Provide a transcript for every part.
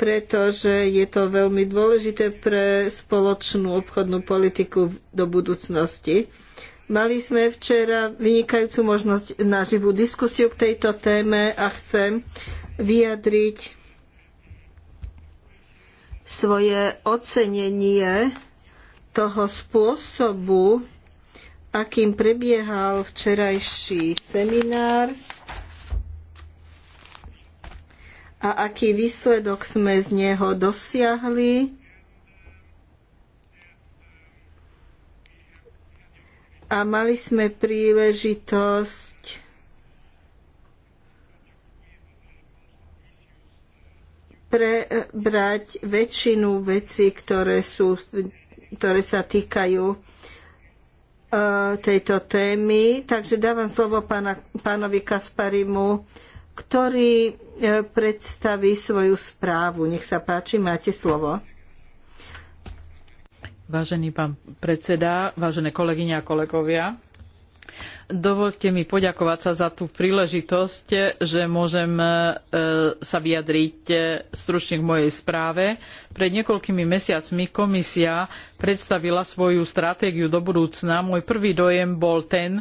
pretože je to veľmi dôležité pre spoločnú obchodnú politiku do budúcnosti. Mali sme včera vynikajúcu možnosť na živú diskusiu k tejto téme a chcem vyjadriť svoje ocenenie toho spôsobu, akým prebiehal včerajší seminár a aký výsledok sme z neho dosiahli. A mali sme príležitosť prebrať väčšinu vecí, ktoré, sú, ktoré sa týkajú e, tejto témy. Takže dávam slovo pána, pánovi Kasparimu ktorý e, predstaví svoju správu. Nech sa páči, máte slovo. Vážený pán predseda, vážené kolegyne a kolegovia, dovolte mi poďakovať sa za tú príležitosť, že môžem e, sa vyjadriť e, stručne k mojej správe. Pred niekoľkými mesiacmi komisia predstavila svoju stratégiu do budúcna. Môj prvý dojem bol ten,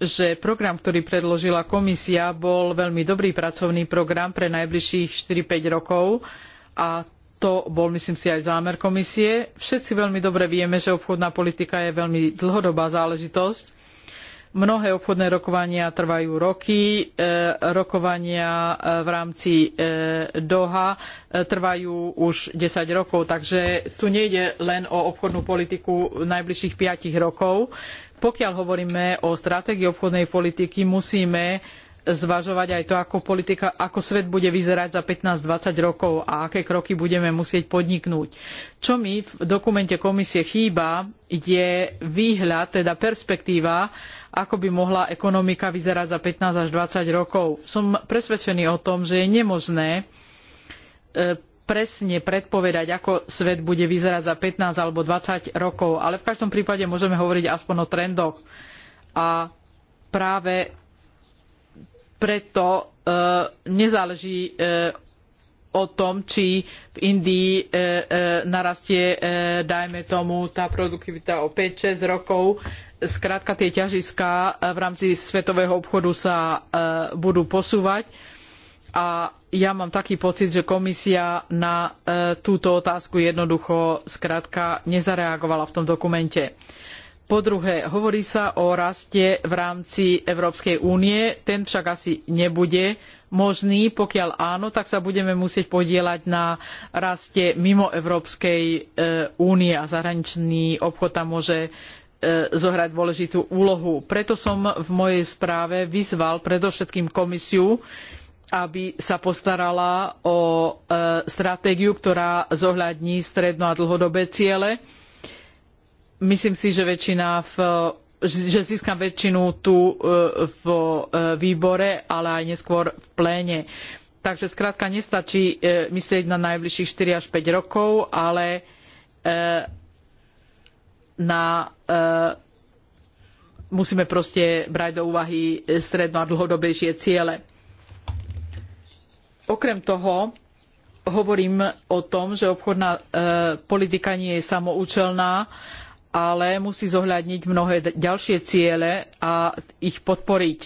že program, ktorý predložila komisia, bol veľmi dobrý pracovný program pre najbližších 4-5 rokov a to bol, myslím si, aj zámer komisie. Všetci veľmi dobre vieme, že obchodná politika je veľmi dlhodobá záležitosť Mnohé obchodné rokovania trvajú roky, e, rokovania e, v rámci e, Doha trvajú už ten rokov, takže tu nejde len o obchodnú politiku najbližších piatich rokov. Pokiaľ hovoríme o stratégii obchodnej politiky, musíme zvažovať aj to, ako, politika, ako svet bude vyzerať za 15-20 rokov a aké kroky budeme musieť podniknúť. Čo mi v dokumente komisie chýba, je výhľad, teda perspektíva, ako by mohla ekonomika vyzerať za 15 až 20 rokov. Som presvedčený o tom, že je nemožné e, presne predpovedať, ako svet bude vyzerať za 15 alebo 20 rokov, ale v každom prípade môžeme hovoriť aspoň o trendoch. A práve preto e, nezáleží e, o tom, či v Indii e, narastie, dajme tomu, tá produktivita o 5-6 rokov. Skrátka tie ťažiská v rámci svetového obchodu sa budú posúvať. A ja mám taký pocit, že komisia na túto otázku jednoducho skrátka nezareagovala v tom dokumente. Po druhé, hovorí sa o raste v rámci Európskej únie, ten však asi nebude možný. Pokiaľ áno, tak sa budeme musieť podieľať na raste mimo Európskej e, únie a zahraničný obchod tam môže e, zohrať dôležitú úlohu. Preto som v mojej správe vyzval predovšetkým komisiu, aby sa postarala o e, stratégiu, ktorá zohľadní stredno a dlhodobé ciele myslím si, že väčšina v že získam väčšinu tu e, vo e, výbore, ale aj neskôr v pléne. Takže skrátka nestačí e, myslieť na najbližších 4 až 5 rokov, ale na, musíme proste brať do úvahy stredno a dlhodobejšie ciele. Okrem toho hovorím o tom, že obchodná politika nie je samoučelná ale musí zohľadniť mnohé ďalšie ciele a ich podporiť.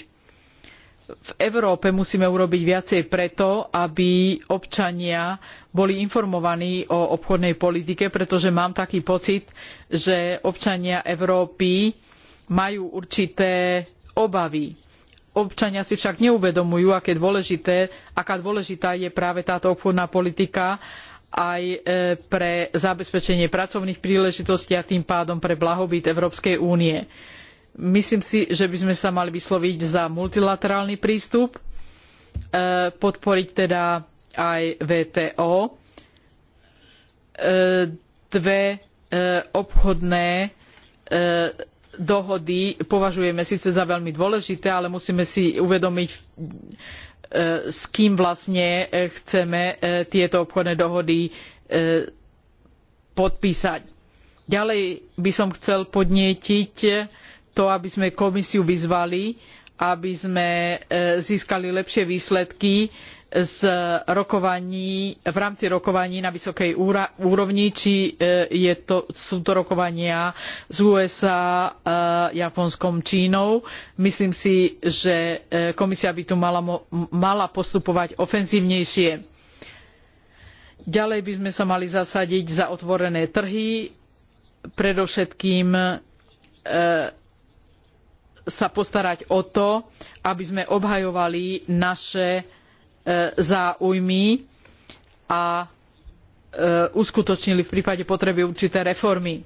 V Európe musíme urobiť viacej preto, aby občania boli informovaní o obchodnej politike, pretože mám taký pocit, že občania Európy majú určité obavy. Občania si však neuvedomujú, aké dôležité, aká dôležitá je práve táto obchodná politika aj e, pre zabezpečenie pracovných príležitostí a tým pádom pre blahobyt Európskej únie. Myslím si, že by sme sa mali vysloviť za multilaterálny prístup, e, podporiť teda aj VTO. E, dve obchodné dohody považujeme síce za veľmi dôležité, ale musíme si uvedomiť, s kým vlastne e, chceme e, tieto obchodné dohody e, podpísať. Ďalej by som chcel podnietiť to, aby sme komisiu vyzvali, aby sme získali lepšie výsledky z rokovaní, v rámci rokovaní na vysokej úrovni, či e, to, sú to rokovania z USA, e, Japonskom, Čínou. Myslím si, že e, komisia by tu mala, mala postupovať ofenzívnejšie. Ďalej by sme sa mali zasadiť za otvorené trhy, predovšetkým sa postarať o to, aby sme obhajovali naše záujmy a e, uskutočnili v prípade potreby určité reformy.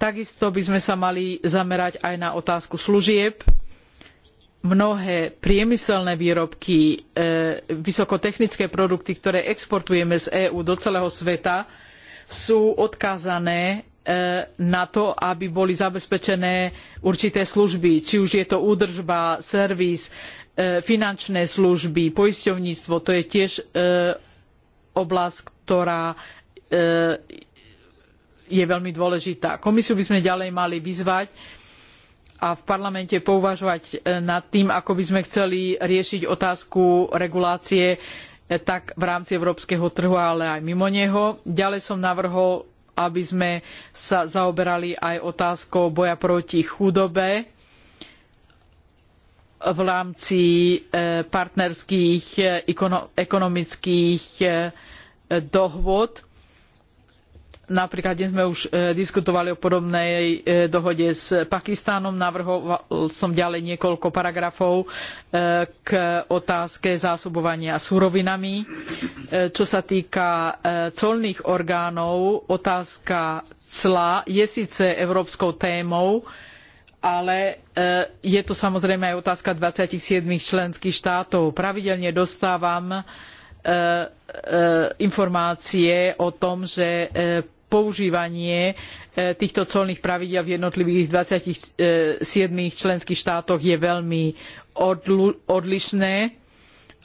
Takisto by sme sa mali zamerať aj na otázku služieb. Mnohé priemyselné výrobky, e, vysokotechnické produkty, ktoré exportujeme z EÚ do celého sveta, sú odkázané e, na to, aby boli zabezpečené určité služby, či už je to údržba, servis, E, finančné služby, poisťovníctvo, to je tiež e, oblasť, ktorá e, je veľmi dôležitá. Komisiu by sme ďalej mali vyzvať a v parlamente pouvažovať nad tým, ako by sme chceli riešiť otázku regulácie tak v rámci európskeho trhu, ale aj mimo neho. Ďalej som navrhol, aby sme sa zaoberali aj otázkou boja proti chudobe v rámci e, partnerských e, ekonomických e, dohôd. Napríklad dnes sme už diskutovali o podobnej dohode s Pakistánom. Navrhoval som ďalej niekoľko paragrafov k otázke zásobovania surovinami. Čo sa týka colných orgánov, otázka cla je síce európskou témou, ale e, je to samozrejme aj otázka 27 členských štátov. Pravidelne dostávam e, e, informácie o tom, že používanie týchto colných pravidiel v jednotlivých 27 členských štátoch je veľmi odlišné,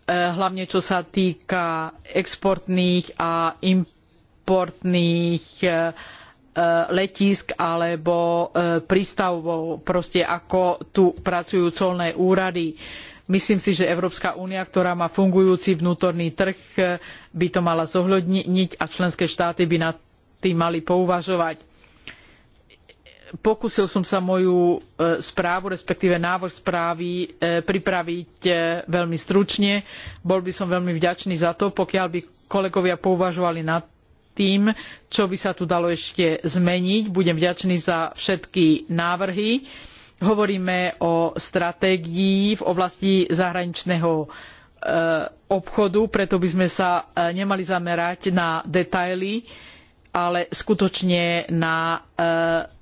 hlavne čo sa týka exportných a importných Eh, letísk alebo eh, prístavov, proste ako tu pracujú colné úrady. Myslím si, že Európska únia, ktorá má fungujúci vnútorný trh, eh, by to mala zohľadniť a členské štáty by nad tým mali pouvažovať. Pokúsil som sa moju správu, respektíve návrh správy pripraviť veľmi stručne. Bol by som veľmi vďačný za to, pokiaľ by kolegovia pouvažovali nad tým, čo by sa tu dalo ešte zmeniť. Budem vďačný za všetky návrhy. Hovoríme o stratégii v oblasti zahraničného eh, obchodu, preto by sme sa eh, nemali zamerať na detaily, ale skutočne na eh,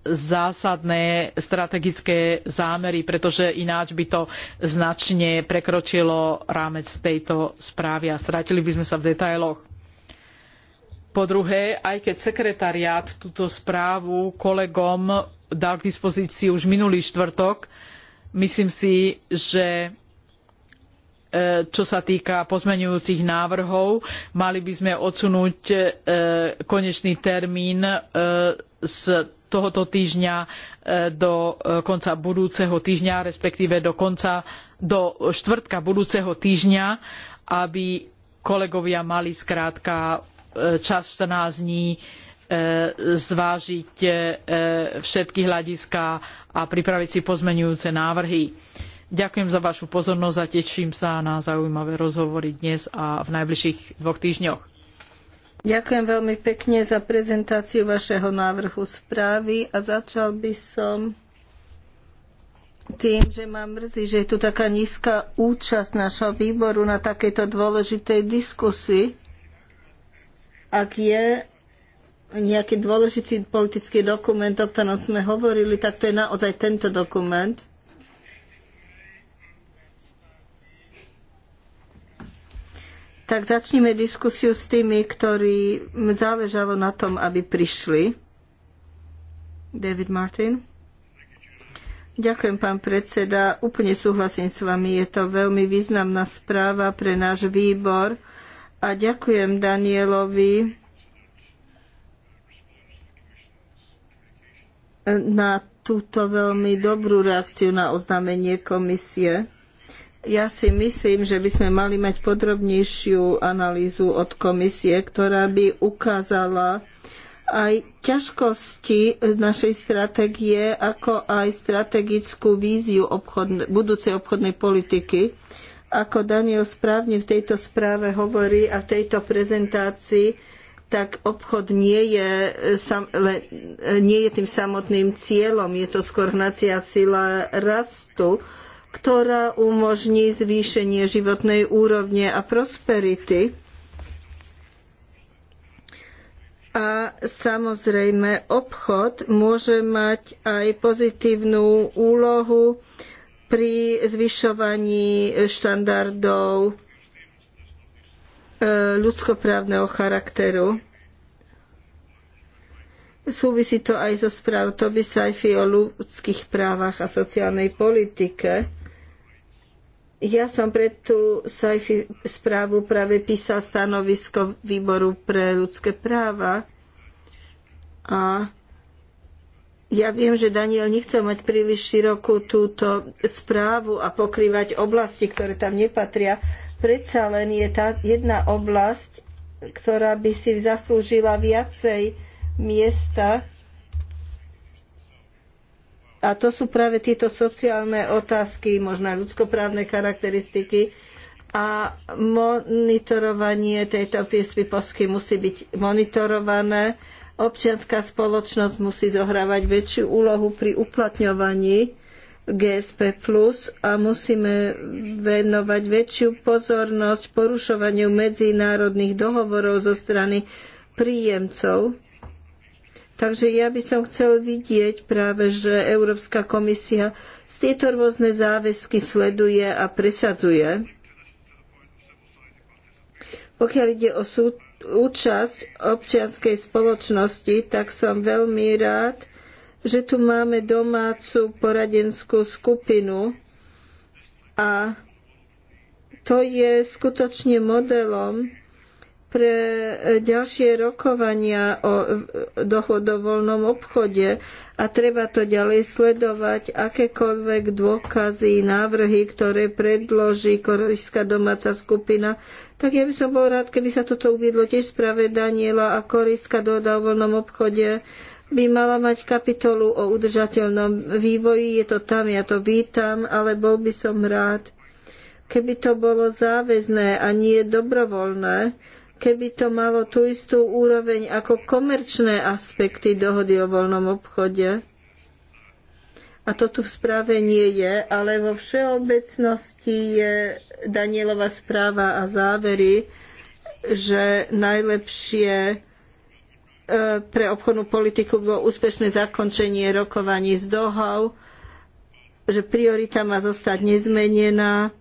zásadné strategické zámery, pretože ináč by to značne prekročilo rámec tejto správy a stratili by sme sa v detailoch. Po druhé, aj keď sekretariát túto správu kolegom dal k dispozícii už minulý štvrtok, myslím si, že e, čo sa týka pozmeňujúcich návrhov, mali by sme odsunúť e, konečný termín e, z tohoto týždňa do konca budúceho týždňa, respektíve do konca do štvrtka budúceho týždňa, aby kolegovia mali skrátka čas 14 dní e, zvážiť e, všetky hľadiská a pripraviť si pozmenujúce návrhy. Ďakujem za vašu pozornosť a teším sa na zaujímavé rozhovory dnes a v najbližších dvoch týždňoch. Ďakujem veľmi pekne za prezentáciu vašeho návrhu správy a začal by som tým, že ma mrzí, že je tu taká nízka účasť našho výboru na takejto dôležitej diskusii ak je nejaký dôležitý politický dokument, o ktorom sme hovorili, tak to je naozaj tento dokument. Tak začneme diskusiu s tými, ktorí záležalo na tom, aby prišli. David Martin. Ďakujem, pán predseda. Úplne súhlasím s vami. Je to veľmi významná správa pre náš výbor a ďakujem Danielovi na túto veľmi dobrú reakciu na oznámenie komisie. Ja si myslím, že by sme mali mať podrobnejšiu analýzu od komisie, ktorá by ukázala aj ťažkosti našej stratégie, ako aj strategickú víziu obchodne, budúcej obchodnej politiky. Ako Daniel správne v tejto správe hovorí a v tejto prezentácii, tak obchod nie je, nie je tým samotným cieľom, je to skôr hnacia sila rastu, ktorá umožní zvýšenie životnej úrovne a prosperity. A samozrejme, obchod môže mať aj pozitívnu úlohu pri zvyšovaní štandardov e, ľudskoprávneho charakteru. Súvisí to aj so správ Toby Saifi o ľudských právach a sociálnej politike. Ja som pre tú Saifi správu práve písal stanovisko výboru pre ľudské práva a ja viem, že Daniel nechcel mať príliš širokú túto správu a pokrývať oblasti, ktoré tam nepatria. Predsa len je tá jedna oblasť, ktorá by si zaslúžila viacej miesta. A to sú práve tieto sociálne otázky, možno aj ľudskoprávne charakteristiky. A monitorovanie tejto piesby posky musí byť monitorované Občianská spoločnosť musí zohrávať väčšiu úlohu pri uplatňovaní GSP plus a musíme venovať väčšiu pozornosť porušovaniu medzinárodných dohovorov zo strany príjemcov. Takže ja by som chcel vidieť práve, že Európska komisia z tieto rôzne záväzky sleduje a presadzuje. Pokiaľ ide o súd účasť občianskej spoločnosti, tak som veľmi rád, že tu máme domácu poradenskú skupinu a to je skutočne modelom pre ďalšie rokovania o dohodovoľnom obchode a treba to ďalej sledovať. Akékoľvek dôkazy, návrhy, ktoré predloží korejská domáca skupina, tak ja by som bol rád, keby sa toto uviedlo tiež správe Daniela a korejská dohoda o voľnom obchode by mala mať kapitolu o udržateľnom vývoji. Je to tam, ja to vítam, ale bol by som rád, keby to bolo záväzné a nie dobrovoľné, keby to malo tú istú úroveň ako komerčné aspekty dohody o voľnom obchode. A to tu v správe nie je, ale vo všeobecnosti je Danielova správa a závery, že najlepšie e, pre obchodnú politiku bolo úspešné zakončenie rokovaní z dohov, že priorita má zostať nezmenená,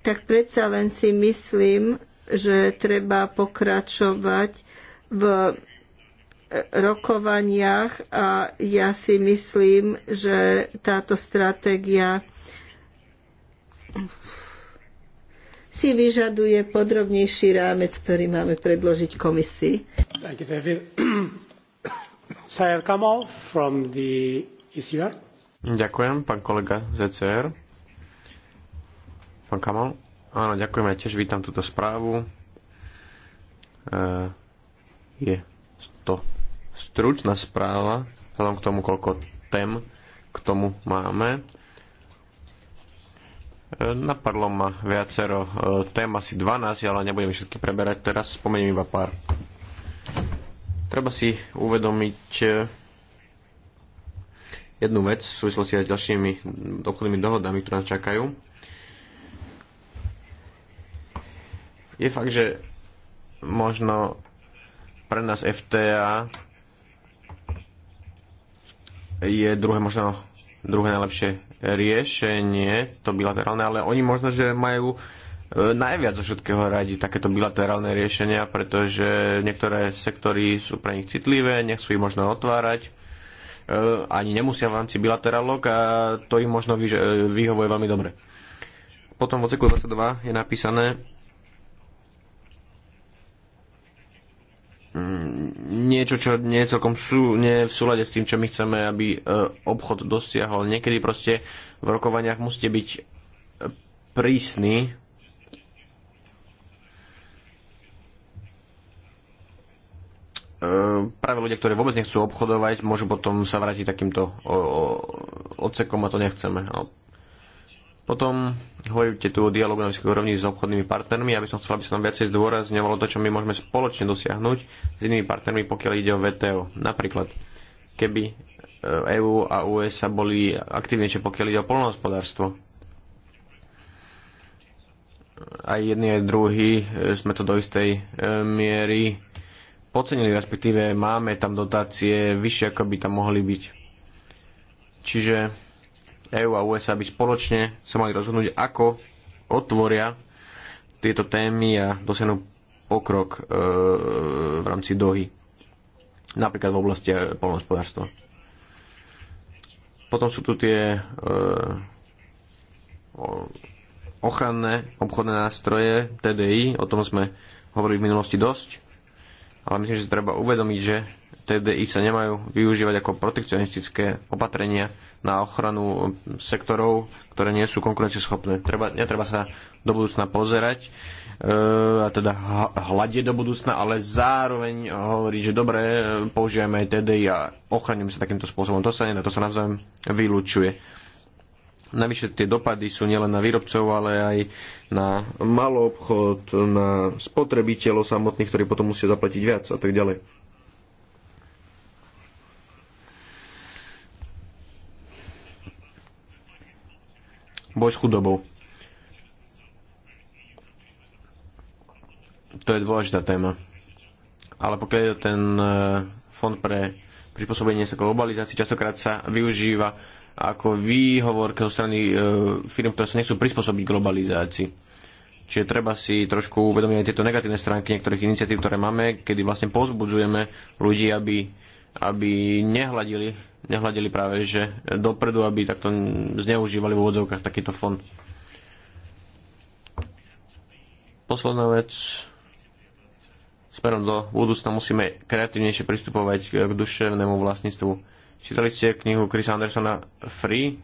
tak predsa len si myslím, že treba pokračovať v rokovaniach a ja si myslím, že táto stratégia si vyžaduje podrobnejší rámec, ktorý máme predložiť komisii. E Ďakujem, pán kolega ECR. Pán Kamal. Áno, ďakujeme, tiež vítam túto správu. E, je to stručná správa, vzhľadom k tomu, koľko tém k tomu máme. E, napadlo ma viacero e, tém, asi 12, ale nebudem všetky preberať teraz, spomeniem iba pár. Treba si uvedomiť jednu vec v súvislosti aj s ďalšími obchodnými dohodami, ktoré nás čakajú Je fakt, že možno pre nás FTA je druhé možno druhé najlepšie riešenie, to bilaterálne, ale oni možno, že majú e, najviac zo všetkého radi takéto bilaterálne riešenia, pretože niektoré sektory sú pre nich citlivé, nechcú ich možno otvárať, e, ani nemusia v rámci bilaterálok a to im možno e, vyhovuje veľmi dobre. Potom v oceku 22 je napísané, Mm, niečo, čo nie je celkom sú, nie je v súlade s tým, čo my chceme, aby e, obchod dosiahol. Niekedy proste v rokovaniach musíte byť e, prísni. E, práve ľudia, ktorí vôbec nechcú obchodovať, môžu potom sa vrátiť takýmto odsekom a to nechceme. Potom hovoríte tu o dialogu na vysokej úrovni s obchodnými partnermi. Ja by som chcel, aby sa tam viacej zdôrazňovalo to, čo my môžeme spoločne dosiahnuť s inými partnermi, pokiaľ ide o VTO. Napríklad, keby EÚ e a USA boli aktívnejšie, pokiaľ ide o polnohospodárstvo. Aj jedni, aj druhý e, sme to do istej e, miery podcenili, respektíve máme tam dotácie vyššie, ako by tam mohli byť. Čiže EU a USA by spoločne sa mali rozhodnúť, ako otvoria tieto témy a dosiahnu pokrok e, v rámci dohy, napríklad v oblasti e, polnohospodárstva. Potom sú tu tie e, ochranné obchodné nástroje TDI, o tom sme hovorili v minulosti dosť, ale myslím, že sa treba uvedomiť, že TDI sa nemajú využívať ako protekcionistické opatrenia, na ochranu sektorov, ktoré nie sú konkurencieschopné. Treba, netreba sa do budúcna pozerať, e, a teda hľadie do budúcna, ale zároveň hovoriť, že dobre, e, používajme aj TDI a ochránime sa takýmto spôsobom. To sa nedá, to sa navzájom vylúčuje. Navyše tie dopady sú nielen na výrobcov, ale aj na malý obchod, na spotrebiteľov samotných, ktorí potom musia zaplatiť viac a tak ďalej. boj s chudobou. To je dôležitá téma. Ale pokiaľ je ten e, fond pre prispôsobenie sa globalizácii, častokrát sa využíva ako výhovor zo strany e, firm, ktoré sa nechcú prispôsobiť globalizácii. Čiže treba si trošku uvedomiť aj tieto negatívne stránky niektorých iniciatív, ktoré máme, kedy vlastne pozbudzujeme ľudí, aby, aby nehľadili nehľadili práve že dopredu, aby takto zneužívali v úvodzovkách takýto fond. Posledná vec. Smerom do budúcna musíme kreatívnejšie pristupovať k duševnému vlastníctvu. Čítali ste knihu Chris Andersona Free? E,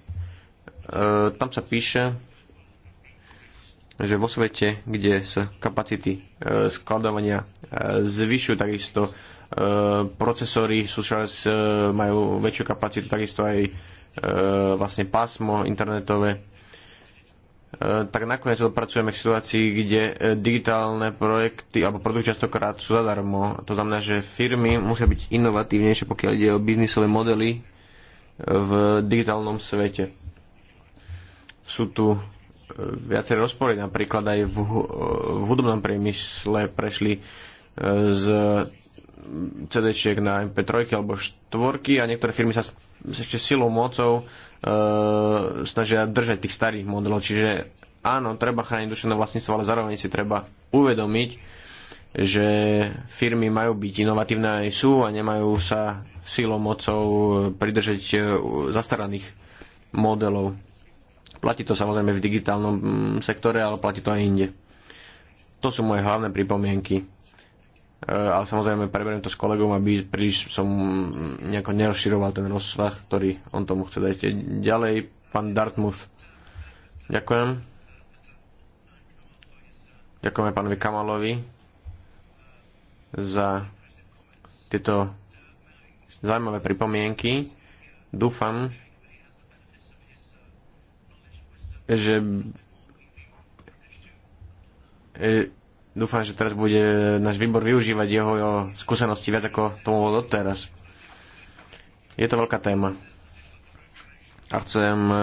tam sa píše, že vo svete, kde sa kapacity e, skladovania e, zvyšujú, takisto Eh, procesory sú čas, eh, majú väčšiu kapacitu, takisto aj eh, vlastne pásmo internetové. Tak nakoniec dopracujeme k situácii, kde digitálne projekty alebo produkty častokrát sú zadarmo. To znamená, že firmy musia byť inovatívnejšie, pokiaľ ide o biznisové modely v digitálnom svete. Sú tu viaceré rozpory, napríklad aj v, v hudobnom priemysle prešli z cd na MP3 alebo 4 a niektoré firmy sa ešte silou mocou e, snažia držať tých starých modelov. Čiže áno, treba chrániť duševné vlastníctvo, ale zároveň si treba uvedomiť, že firmy majú byť inovatívne aj sú a nemajú sa silou mocou e, pridržať e, zastaraných modelov. Platí to samozrejme v digitálnom mm, sektore, ale platí to aj inde. To sú moje hlavné pripomienky. Eh, ale samozrejme preberiem to s kolegom, aby príliš som nejako nerozširoval ten rozsah, ktorý on tomu chce dať. Ďalej, pán Dartmouth. Ďakujem. Ďakujeme pánovi Kamalovi za tieto zaujímavé pripomienky. Dúfam, že e, Dúfam, že teraz bude náš výbor využívať jeho, jeho skúsenosti viac ako tomu bolo doteraz. Je to veľká téma. A chcem e,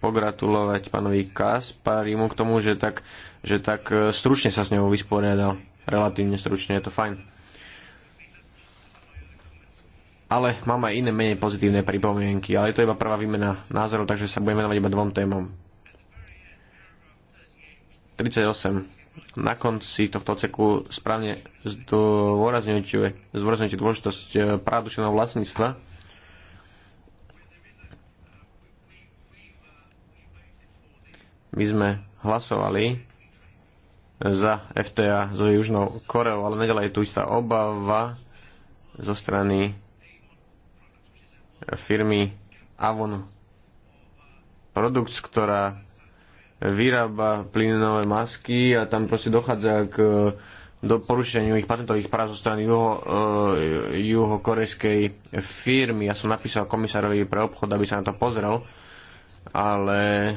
pogratulovať pánovi Kasparimu k tomu, že tak, že tak e, stručne sa s ňou vysporiadal. Relatívne stručne, je to fajn. Ale mám aj iné menej pozitívne pripomienky, ale je to iba prvá výmena názorov, takže sa budem venovať iba dvom témom 38 na konci tohto ceku správne zdôrazňujete, zdôrazňujete dôležitosť eh, práv duševného vlastníctva. My sme hlasovali za FTA so Južnou Koreou, ale nadalej je tu istá obava zo strany firmy Avon Products, ktorá vyrába plynové masky a tam proste dochádza k do porušeniu ich patentových práv zo strany juho, e, juho-korejskej firmy. Ja som napísal komisárovi pre obchod, aby sa na to pozrel, ale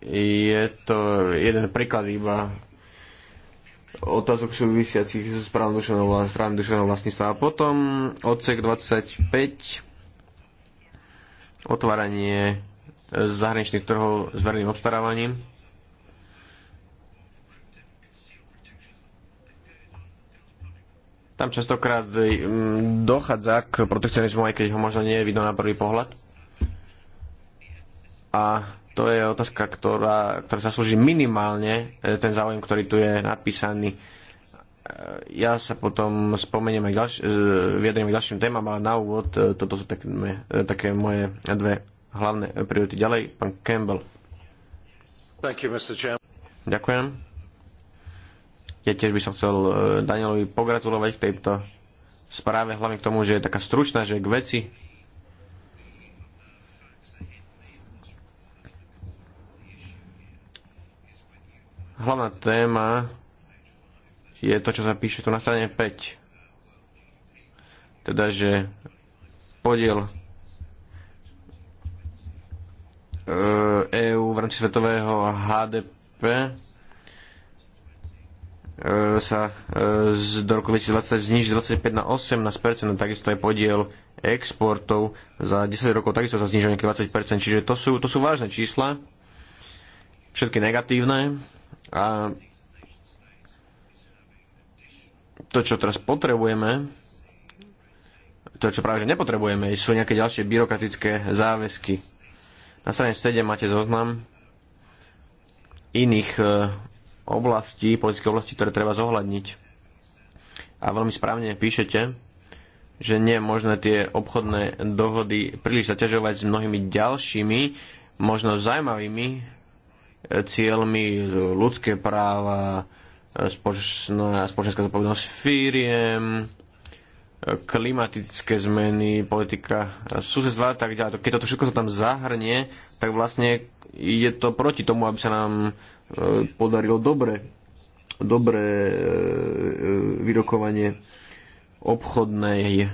je to jeden príklad iba otázok súvisiacich so správom duševného vlastníctva. A potom odsek 25 otváranie zahraničných trhov s verným obstarávaním. Tam častokrát mm, dochádza k protekcionizmu, aj keď ho možno nie je vidno na prvý pohľad. A to je otázka, ktorá, ktorá slúži minimálne e, ten záujem, ktorý tu je napísaný. E, ja sa potom spomeniem aj ďalš- e, vyjadrím k ďalším témam, ale na úvod toto sú tak, také moje dve hlavné priority. Ďalej, pán Campbell. You, Ďakujem. Ja tiež by som chcel e, Danielovi pogratulovať k tejto správe, hlavne k tomu, že je taká stručná, že je k veci. Hlavná téma je to, čo sa píše tu na strane 5. Teda, že podiel EÚ e v rámci svetového HDP e, sa e, do roku 2020 zniží 25 na 18 takisto aj podiel exportov za 10 rokov takisto sa znižuje nejaké 20 čiže to sú, to sú vážne čísla, všetky negatívne a to, čo teraz potrebujeme, to, čo práve že nepotrebujeme, sú nejaké ďalšie byrokratické záväzky na strane 7 máte zoznam iných e, oblastí, politických oblastí, ktoré treba zohľadniť. A veľmi správne píšete, že nie je možné tie obchodné dohody príliš zaťažovať s mnohými ďalšími, možno zaujímavými e, cieľmi e, ľudské práva, spoločenská zodpovednosť firiem, klimatické zmeny, politika susedstva a tak ďalej. Keď toto všetko sa tam zahrnie, tak vlastne je to proti tomu, aby sa nám e, podarilo dobre, dobre e, vyrokovanie obchodnej, e,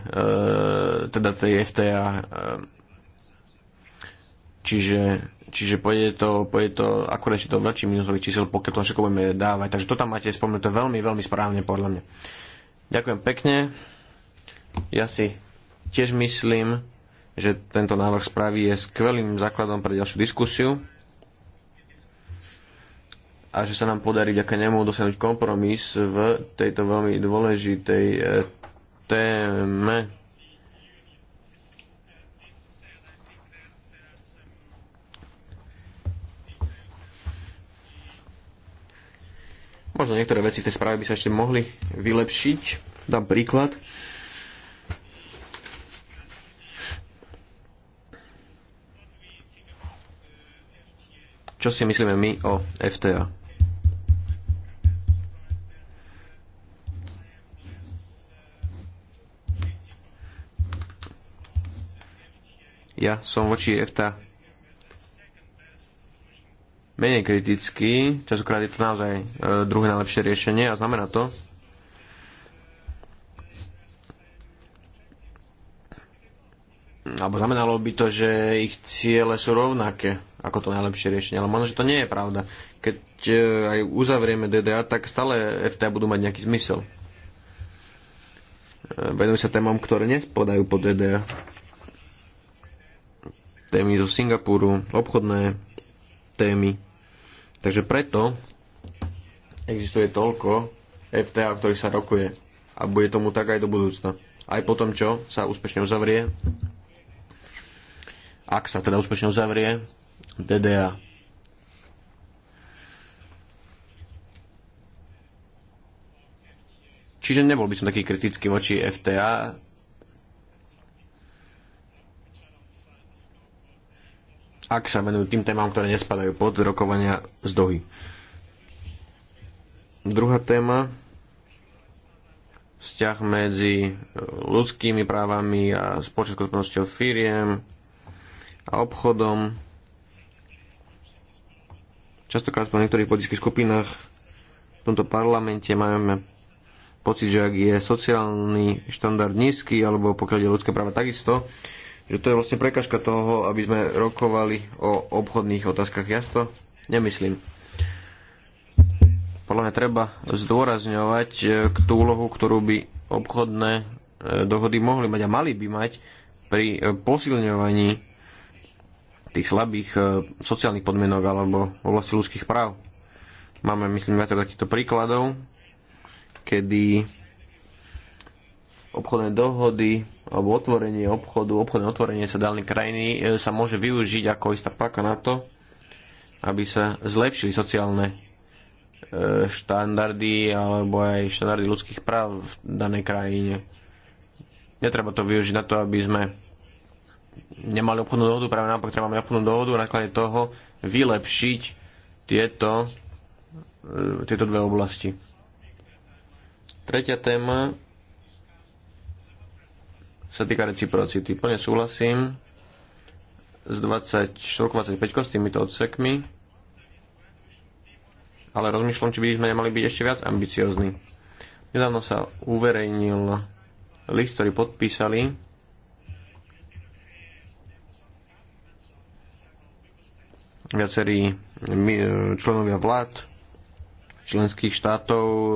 teda tej FTA. Čiže Čiže pôjde to, pôjde to akurát to väčší minusových čísel, pokiaľ to všetko budeme dávať. Takže to tam máte spomenuté veľmi, veľmi správne, podľa mňa. Ďakujem pekne. Ja si tiež myslím, že tento návrh správy je skvelým základom pre ďalšiu diskusiu a že sa nám podarí vďaka nemu dosiahnuť kompromis v tejto veľmi dôležitej e, téme. Možno niektoré veci v tej správe by sa ešte mohli vylepšiť. Dám príklad. čo si myslíme my o FTA. Ja som voči FTA menej kritický, časokrát je to naozaj e, druhé najlepšie riešenie a znamená to, alebo znamenalo by to, že ich ciele sú rovnaké ako to najlepšie riešenie. Ale možno, že to nie je pravda. Keď e, aj uzavrieme DDA, tak stále FTA budú mať nejaký zmysel. E, venujú sa témam, ktoré nespodajú pod DDA. Témy zo Singapuru, obchodné témy. Takže preto existuje toľko FTA, ktorý sa rokuje. A bude tomu tak aj do budúcna. Aj po tom, čo sa úspešne uzavrie. Ak sa teda úspešne uzavrie DDA. Čiže nebol by som taký kritický voči FTA. Ak sa venujú tým témam, ktoré nespadajú pod rokovania z dohy. Druhá téma vzťah medzi e, ľudskými právami a spoločenskou schopnosťou firiem a obchodom. Častokrát po niektorých politických skupinách v tomto parlamente máme pocit, že ak je sociálny štandard nízky, alebo pokiaľ je ľudské práva takisto, že to je vlastne prekažka toho, aby sme rokovali o obchodných otázkach. Ja to nemyslím. Podľa mňa treba zdôrazňovať k e, tú úlohu, ktorú by obchodné e, dohody mohli mať a mali by mať pri e, posilňovaní tých slabých eh, sociálnych podmienok alebo v oblasti ľudských práv. Máme, myslím, viacero takýchto príkladov, kedy obchodné dohody alebo otvorenie obchodu, obchodné otvorenie sa dálnej krajiny eh, sa môže využiť ako istá páka na to, aby sa zlepšili sociálne eh, štandardy alebo aj štandardy ľudských práv v danej krajine. Netreba to využiť na to, aby sme nemali obchodnú dohodu, práve naopak treba mať obchodnú dohodu a na základe toho vylepšiť tieto, e, tieto dve oblasti. Tretia téma sa týka reciprocity. Plne súhlasím s 24 25 s týmito odsekmi, ale rozmýšľam, či by sme nemali byť ešte viac ambiciozni. Nedávno sa uverejnil list, ktorý podpísali viacerí e, členovia vlád členských štátov, e,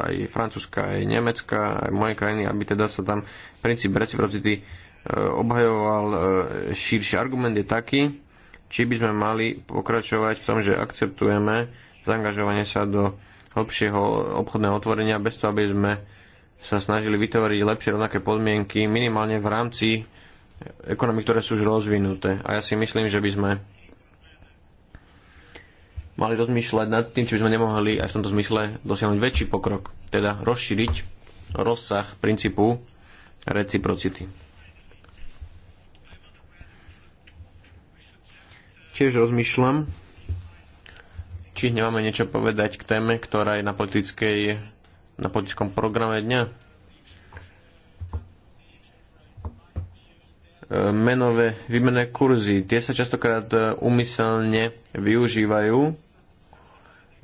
aj Francúzska, aj Nemecka, aj moje krajiny, aby teda sa tam princíp reciprocity e, obhajoval širší argument je taký, či by sme mali pokračovať v tom, že akceptujeme zaangažovanie sa do hĺbšieho obchodného otvorenia bez toho, aby sme sa snažili vytvoriť lepšie rovnaké podmienky minimálne v rámci ekonomik, ktoré sú už rozvinuté. A ja si myslím, že by sme mali rozmýšľať nad tým, či by sme nemohli aj v tomto zmysle dosiahnuť väčší pokrok, teda rozšíriť rozsah princípu reciprocity. Tiež rozmýšľam, či nemáme niečo povedať k téme, ktorá je na, politickej, na politickom programe dňa. menové výmenné kurzy. Tie sa častokrát e, umyselne využívajú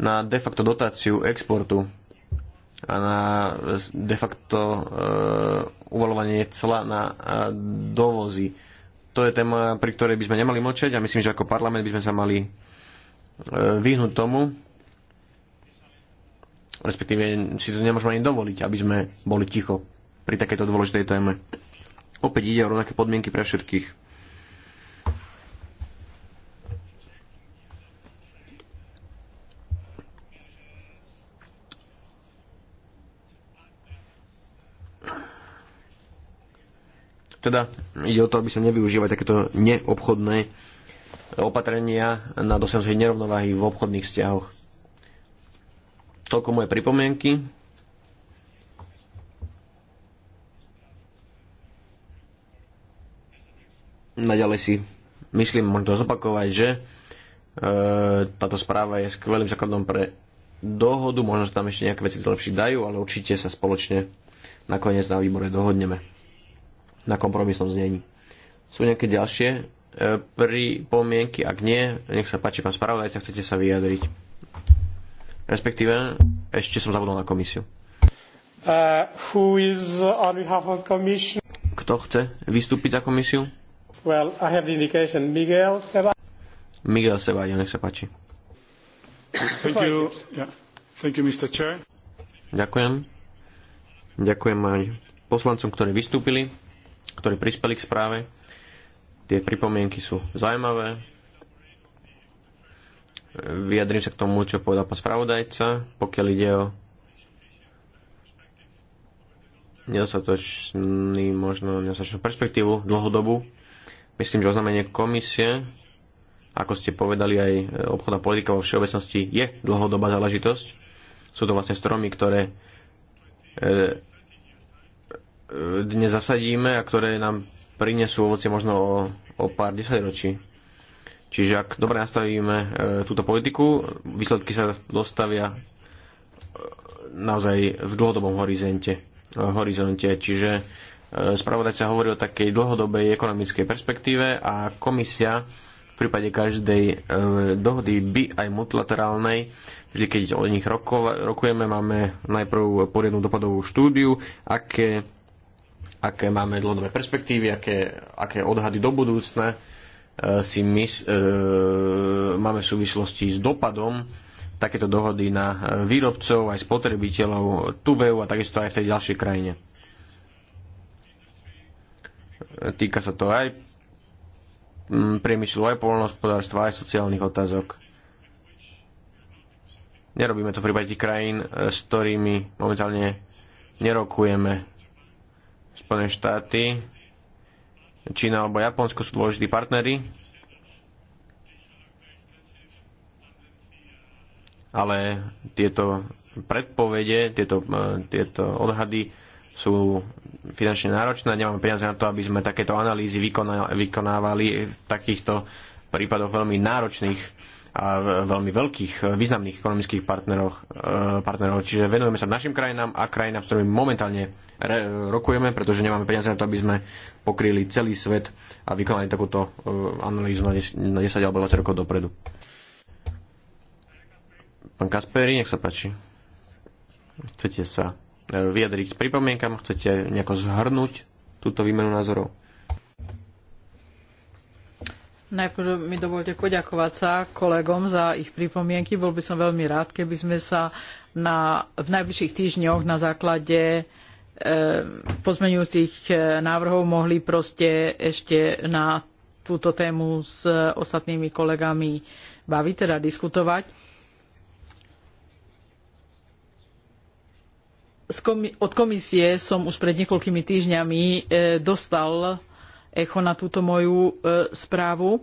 na de facto dotáciu exportu a na de facto uh, uvalovanie cla na e, dovozy. To je téma, pri ktorej by sme nemali močať a myslím, že ako parlament by sme sa mali uh, vyhnúť tomu, respektíve si to nemôžeme ani dovoliť, aby sme boli ticho pri takejto dôležitej téme. Opäť ide o rovnaké podmienky pre všetkých. Teda ide o to, aby sa nevyužívali takéto neobchodné opatrenia na dosiahnutie nerovnováhy v obchodných vzťahoch. Toľko moje pripomienky. Naďalej si myslím, možno zopakovať, že e, táto správa je skvelým základom pre dohodu, možno sa tam ešte nejaké veci lepšie dajú, ale určite sa spoločne nakoniec na výbore dohodneme na kompromisnom znení. Sú nejaké ďalšie e, pripomienky? Ak nie, nech sa páči, pán spravodajca, chcete sa vyjadriť. Respektíve, ešte som zabudol na komisiu. Uh, who is on behalf of commission? Kto chce vystúpiť za komisiu? Well, I have the indication. Miguel Sebadio. Miguel Sebadio, nech sa páči. Thank you. Yeah. Thank you, Mr. Chair. Ďakujem. Ďakujem aj poslancom, ktorí vystúpili ktorí prispeli k správe. Tie pripomienky sú zaujímavé. Vyjadrím sa k tomu, čo povedal pán spravodajca, pokiaľ ide o nedostatočný, možno nedostatočnú perspektívu dlhodobu. Myslím, že oznámenie komisie, ako ste povedali, aj obchodná politika vo všeobecnosti je dlhodobá záležitosť. Sú to vlastne stromy, ktoré e, dnes zasadíme a ktoré nám prinesú ovoce možno o, o pár desaťročí. Čiže ak dobre nastavíme e, túto politiku, výsledky sa dostavia e, naozaj v dlhodobom horizonte. E, horizonte. Čiže e, spravodajca hovorí o takej dlhodobej ekonomickej perspektíve a komisia v prípade každej e, dohody by aj multilaterálnej, vždy keď o nich rokova, rokujeme, máme najprv poriadnu dopadovú štúdiu, aké aké máme dlhodobé perspektívy, aké, aké odhady do budúcna e, si my e, máme v súvislosti s dopadom takéto dohody na výrobcov, aj spotrebiteľov tu v EU a takisto aj v tej ďalšej krajine. Týka sa to aj mm, priemyslu, aj polnohospodárstva, aj sociálnych otázok. Nerobíme to v prípade tých krajín, e, s ktorými momentálne nerokujeme. Spojené štáty, Čína alebo Japonsko sú dôležití partnery, ale tieto predpovede, tieto, eh, tieto odhady sú finančne náročné, nemáme peniaze na to, aby sme takéto analýzy vykonávali v takýchto prípadoch veľmi náročných a veľmi veľkých, významných ekonomických partnerov, e, partnerov. Čiže venujeme sa našim krajinám a krajinám, s ktorými momentálne rokujeme, pretože nemáme peniaze na to, aby sme pokryli celý svet a vykonali takúto e, analýzu na 10, na 10 alebo 20 rokov dopredu. Pán Kasperi, nech sa páči. Chcete sa e, vyjadriť s pripomienkam? Chcete nejako zhrnúť túto výmenu názorov? Najprv mi dovolte poďakovať sa kolegom za ich pripomienky. Bol by som veľmi rád, keby sme sa na, v najbližších týždňoch na základe e, pozmeňujúcich e, návrhov mohli proste ešte na túto tému s ostatnými kolegami baviť, teda diskutovať. od komisie som už pred niekoľkými týždňami e, dostal echo na túto moju e, správu.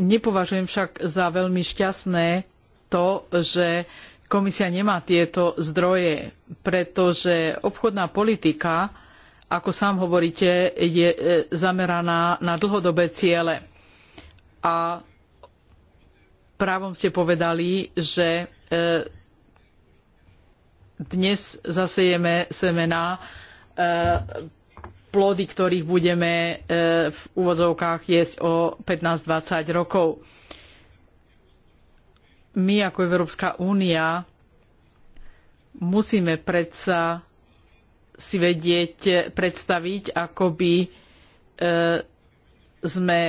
Nepovažujem však za veľmi šťastné to, že komisia nemá tieto zdroje, pretože obchodná politika, ako sám hovoríte, je e, zameraná na dlhodobé ciele. A právom ste povedali, že e, dnes zasejeme semená plody, ktorých budeme e, v úvodzovkách jesť o 15-20 rokov. My ako Európska únia musíme predsa si vedieť predstaviť, ako by e, sme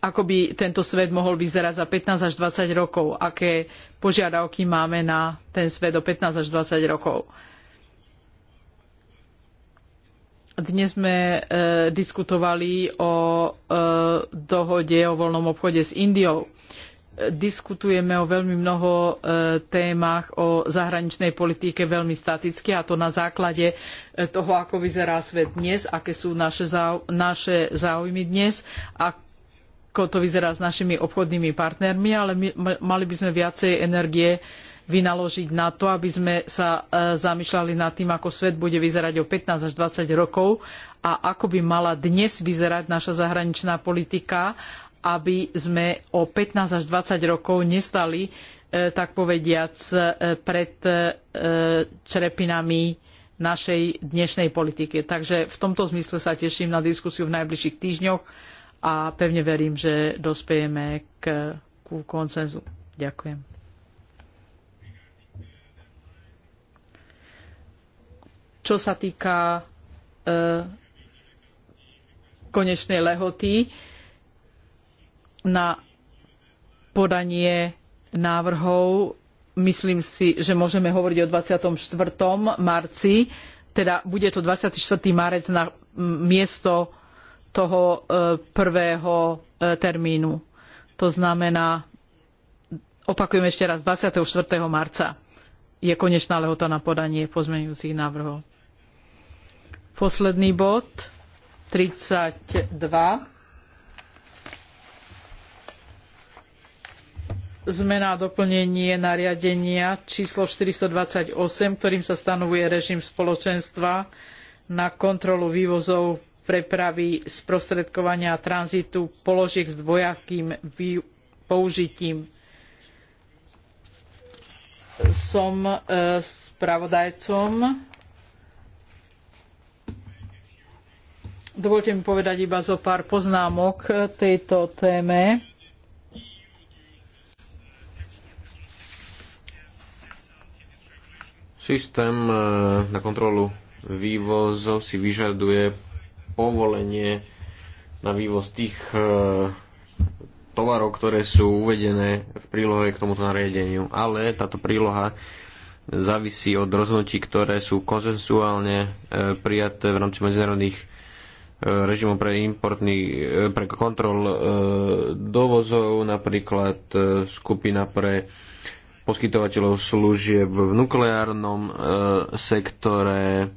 ako by tento svet mohol vyzerať za 15 až 20 rokov, aké požiadavky máme na ten svet o 15 až 20 rokov. Dnes sme e, diskutovali o e, dohode o voľnom obchode s Indiou. E, diskutujeme o veľmi mnoho e, témach o zahraničnej politike veľmi staticky a to na základe e, toho, ako vyzerá svet dnes, aké sú naše, zau, naše záujmy dnes, ako to vyzerá s našimi obchodnými partnermi, ale my, mali by sme viacej energie e, vynaložiť na to, aby sme sa e, zamýšľali nad tým, ako svet bude vyzerať o 15 až 20 rokov a ako by mala dnes vyzerať naša zahraničná politika, aby sme o 15 až 20 rokov nestali, e, tak povediac, e, pred črepinami našej dnešnej politiky. Takže v tomto zmysle sa teším na diskusiu v najbližších týždňoch a pevne verím, že dospejeme k, ku koncenzu. Ďakujem. čo sa týka e, konečnej lehoty na podanie návrhov, myslím si, že môžeme hovoriť o 24. marci, teda bude to 24. marec na miesto toho e, prvého e, termínu. To znamená, opakujem ešte raz, 24. marca je konečná lehota na podanie pozmeňujúcich návrhov. Posledný bod, 32. Zmena a doplnenie nariadenia číslo 428, ktorým sa stanovuje režim spoločenstva na kontrolu vývozov prepravy, sprostredkovania a tranzitu položiek s dvojakým použitím. Som e, spravodajcom Dovolte mi povedať iba zo pár poznámok tejto téme. Systém eh, na kontrolu vývozov si vyžaduje povolenie na vývoz tých eh, tovarov, ktoré sú uvedené v prílohe k tomuto nariadeniu. Ale táto príloha závisí od rozhodnutí, ktoré sú konsensuálne eh, prijaté v rámci medzinárodných režimom pre importný, e, pre kontrol e, dovozov, napríklad e, skupina pre poskytovateľov služieb v nukleárnom sektore,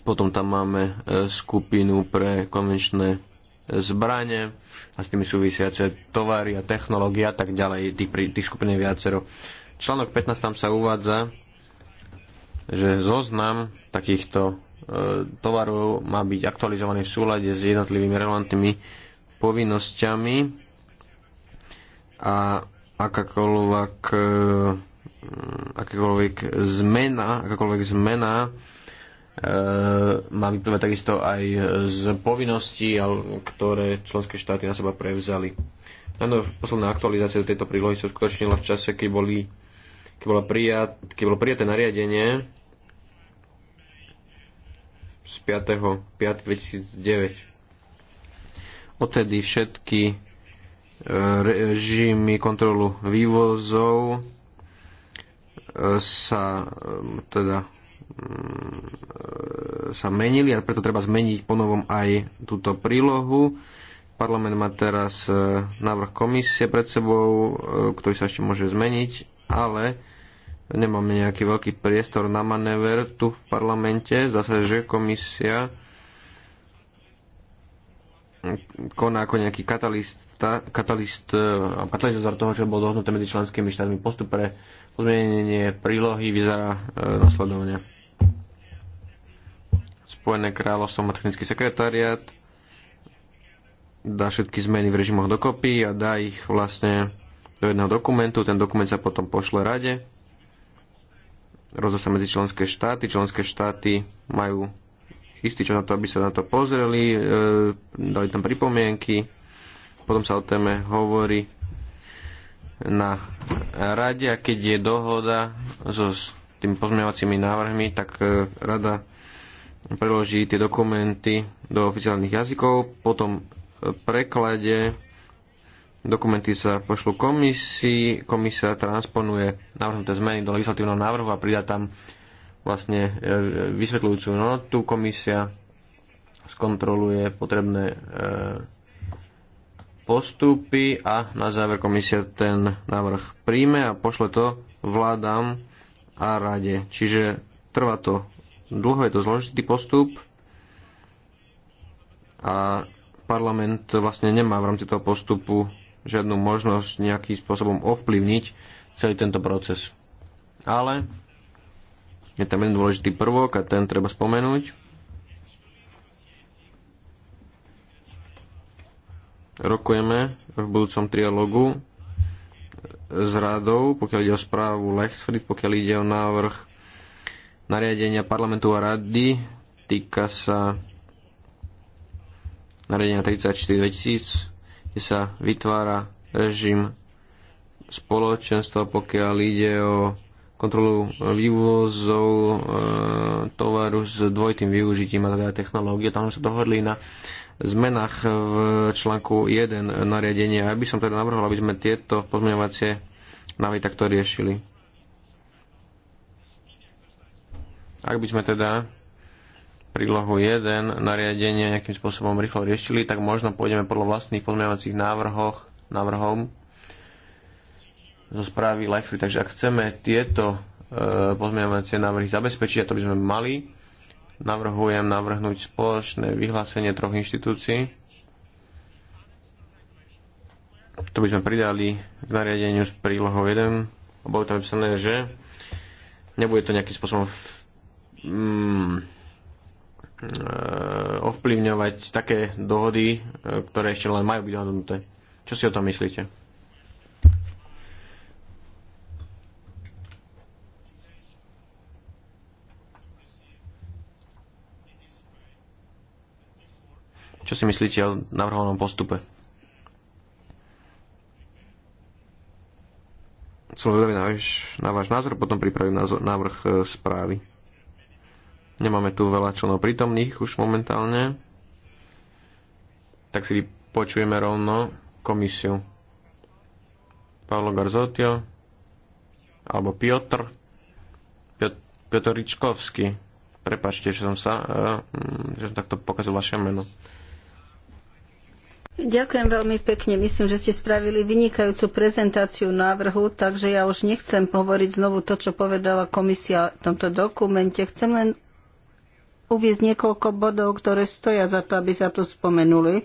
potom tam máme skupinu pre konvenčné zbranie a s tými súvisiace tovary a technológie a tak ďalej, tých, tých skupín je viacero. Článok 15 tam sa uvádza, že zoznam takýchto E, tovaru má byť aktualizovaný v súlade s jednotlivými relevantnými povinnosťami a akákoľvek, e, akákoľvek zmena, akákoľvek zmena e, má vyplývať takisto aj z povinností, ktoré členské štáty na seba prevzali. Áno, posledná aktualizácia tejto prílohy sa uskutočnila v čase, keď, boli, keď, bola prijat, keď bolo prijaté nariadenie z 5.5.2009. Odtedy všetky e, režimy kontrolu vývozov e, sa e, teda mm, sa menili a preto treba zmeniť ponovom aj túto prílohu. Parlament má teraz návrh komisie pred sebou, ktorý sa ešte môže zmeniť, ale nemáme nejaký veľký priestor na manéver tu v parlamente. Zase, že komisia koná ako nejaký katalist, katalist, eh, katalizátor toho, čo bolo dohodnuté medzi členskými štátmi. Postup pre pozmenenie prílohy vyzerá e, nasledovne. Spojené kráľovstvo má technický sekretariat, dá všetky zmeny v režimoch dokopy a dá ich vlastne do jedného dokumentu. Ten dokument sa potom pošle rade rozdiel sa medzi členské štáty. Členské štáty majú istý čas na to, aby sa na to pozreli, e, dali tam pripomienky, potom sa o téme hovorí na rade a keď je dohoda so s tými pozmeňovacími návrhmi, tak e, rada preloží tie dokumenty do oficiálnych jazykov, potom preklade Dokumenty sa pošlú komisii, komisia transponuje navrhnuté zmeny do legislatívneho návrhu a pridá tam vlastne e, vysvetľujúcu notu. Komisia skontroluje potrebné e, postupy a na záver komisia ten návrh príjme a pošle to vládam a rade. Čiže trvá to dlho, je to zložitý postup a parlament vlastne nemá v rámci toho postupu žiadnu možnosť nejakým spôsobom ovplyvniť celý tento proces. Ale je tam jeden dôležitý prvok a ten treba spomenúť. Rokujeme v budúcom trialogu s radou, pokiaľ ide o správu Lechtfried, pokiaľ ide o návrh nariadenia parlamentu a rady, týka sa nariadenia 34 2000 kde sa vytvára režim spoločenstva, pokiaľ ide o kontrolu vývozov e, tovaru s dvojitým využitím a teda technológie. Tam sme sa dohodli na zmenách v článku 1 nariadenia. Ja by som teda navrhol, aby sme tieto pozmeňovacie návrhy takto riešili. Ak by sme teda prílohu 1 nariadenia nejakým spôsobom rýchlo riešili, tak možno pôjdeme podľa vlastných pozmeňovacích návrhoch, návrhov zo správy Lechfry. Takže ak chceme tieto e, pozmeňovacie návrhy zabezpečiť, a to by sme mali, navrhujem navrhnúť spoločné vyhlásenie troch inštitúcií. To by sme pridali k nariadeniu s prílohou 1. Bolo tam napísané, že nebude to nejakým spôsobom v, mm, E, ovplyvňovať také dohody, e, ktoré ešte len majú byť dohodnuté. Čo si o tom myslíte? Čo si myslíte o navrhovanom postupe? Som na váš, na váš názor, potom pripravím názor, návrh e, správy. Nemáme tu veľa členov prítomných už momentálne. Tak si vypočujeme rovno komisiu. Paolo Garzotio alebo Piotr Piotr Ričkovský. Prepačte, že som sa e, že som takto pokazil vaše meno. Ďakujem veľmi pekne. Myslím, že ste spravili vynikajúcu prezentáciu návrhu, takže ja už nechcem hovoriť znovu to, čo povedala komisia v tomto dokumente. Chcem len uviezť niekoľko bodov, ktoré stoja za to, aby sa tu spomenuli.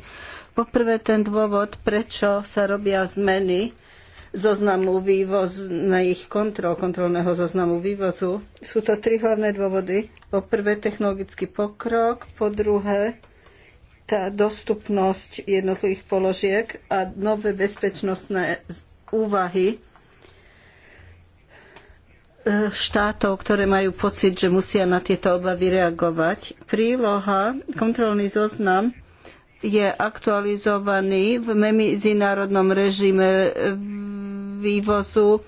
Poprvé ten dôvod, prečo sa robia zmeny zoznamu vývozných kontrol, kontrolného zoznamu vývozu. Sú to tri hlavné dôvody. Po prvé technologický pokrok, po druhé tá dostupnosť jednotlivých položiek a nové bezpečnostné úvahy štátov, ktoré majú pocit, že musia na tieto obavy reagovať. Príloha, kontrolný zoznam je aktualizovaný v medzinárodnom režime vývozu,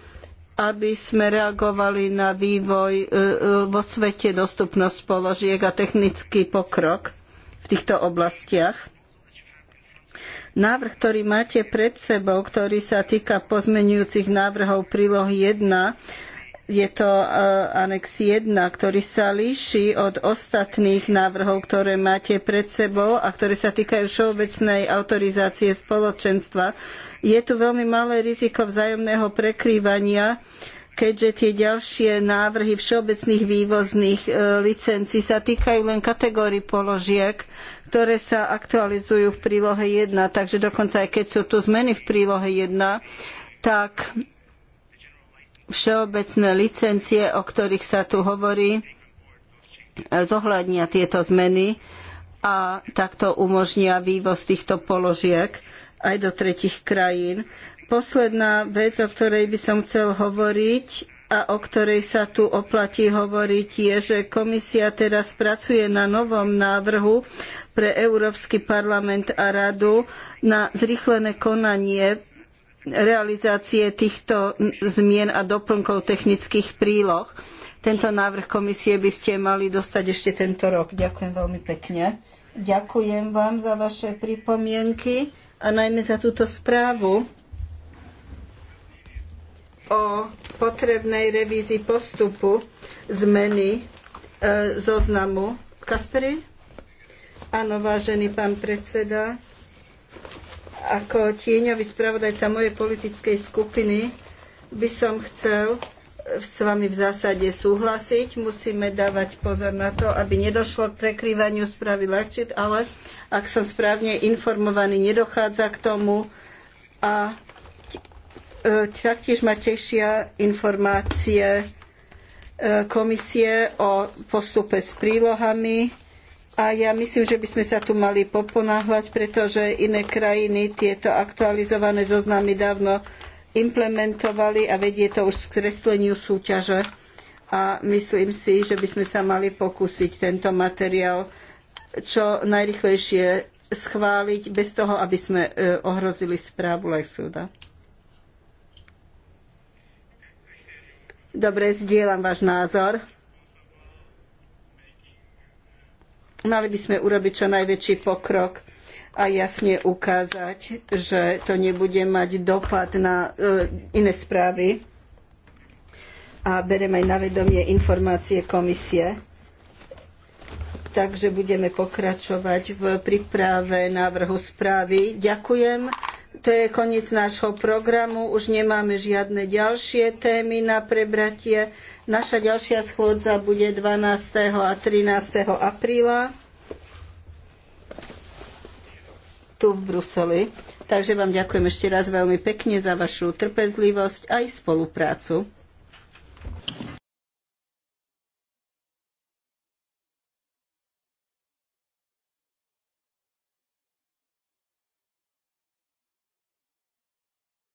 aby sme reagovali na vývoj e, e, vo svete, dostupnosť položiek a technický pokrok v týchto oblastiach. Návrh, ktorý máte pred sebou, ktorý sa týka pozmenujúcich návrhov prílohy 1, je to e, anex 1, ktorý sa líši od ostatných návrhov, ktoré máte pred sebou a ktoré sa týkajú všeobecnej autorizácie spoločenstva. Je tu veľmi malé riziko vzájomného prekrývania, keďže tie ďalšie návrhy všeobecných vývozných e, licencií sa týkajú len kategórií položiek, ktoré sa aktualizujú v prílohe 1. Takže dokonca aj keď sú tu zmeny v prílohe 1, tak všeobecné licencie, o ktorých sa tu hovorí, zohľadnia tieto zmeny a takto umožnia vývoz týchto položiek aj do tretich krajín. Posledná vec, o ktorej by som chcel hovoriť a o ktorej sa tu oplatí hovoriť, je, že komisia teraz pracuje na novom návrhu pre Európsky parlament a radu na zrýchlené konanie realizácie týchto zmien a doplnkov technických príloh. Tento návrh komisie by ste mali dostať ešte tento rok. Ďakujem veľmi pekne. Ďakujem vám za vaše pripomienky a najmä za túto správu o potrebnej revízii postupu zmeny e, zoznamu. Kaspery? Áno, vážený pán predseda. Ako tieňový spravodajca mojej politickej skupiny by som chcel eh, s vami v zásade súhlasiť. Musíme dávať pozor na to, aby nedošlo k prekrývaniu správy ľahčiť, ale ak som správne informovaný, nedochádza k tomu. A eh, taktiež ma tešia informácie eh, komisie o postupe s prílohami a ja myslím, že by sme sa tu mali poponáhľať, pretože iné krajiny tieto aktualizované zoznamy dávno implementovali a vedie to už k kresleniu súťaže. A myslím si, že by sme sa mali pokúsiť tento materiál čo najrychlejšie schváliť bez toho, aby sme e, ohrozili správu Lexfielda. Dobre, zdieľam váš názor. Mali by sme urobiť čo najväčší pokrok a jasne ukázať, že to nebude mať dopad na e, iné správy. A berem aj na vedomie informácie komisie. Takže budeme pokračovať v príprave návrhu správy. Ďakujem to je koniec nášho programu, už nemáme žiadne ďalšie témy na prebratie. Naša ďalšia schôdza bude 12. a 13. apríla tu v Bruseli. Takže vám ďakujem ešte raz veľmi pekne za vašu trpezlivosť aj spoluprácu.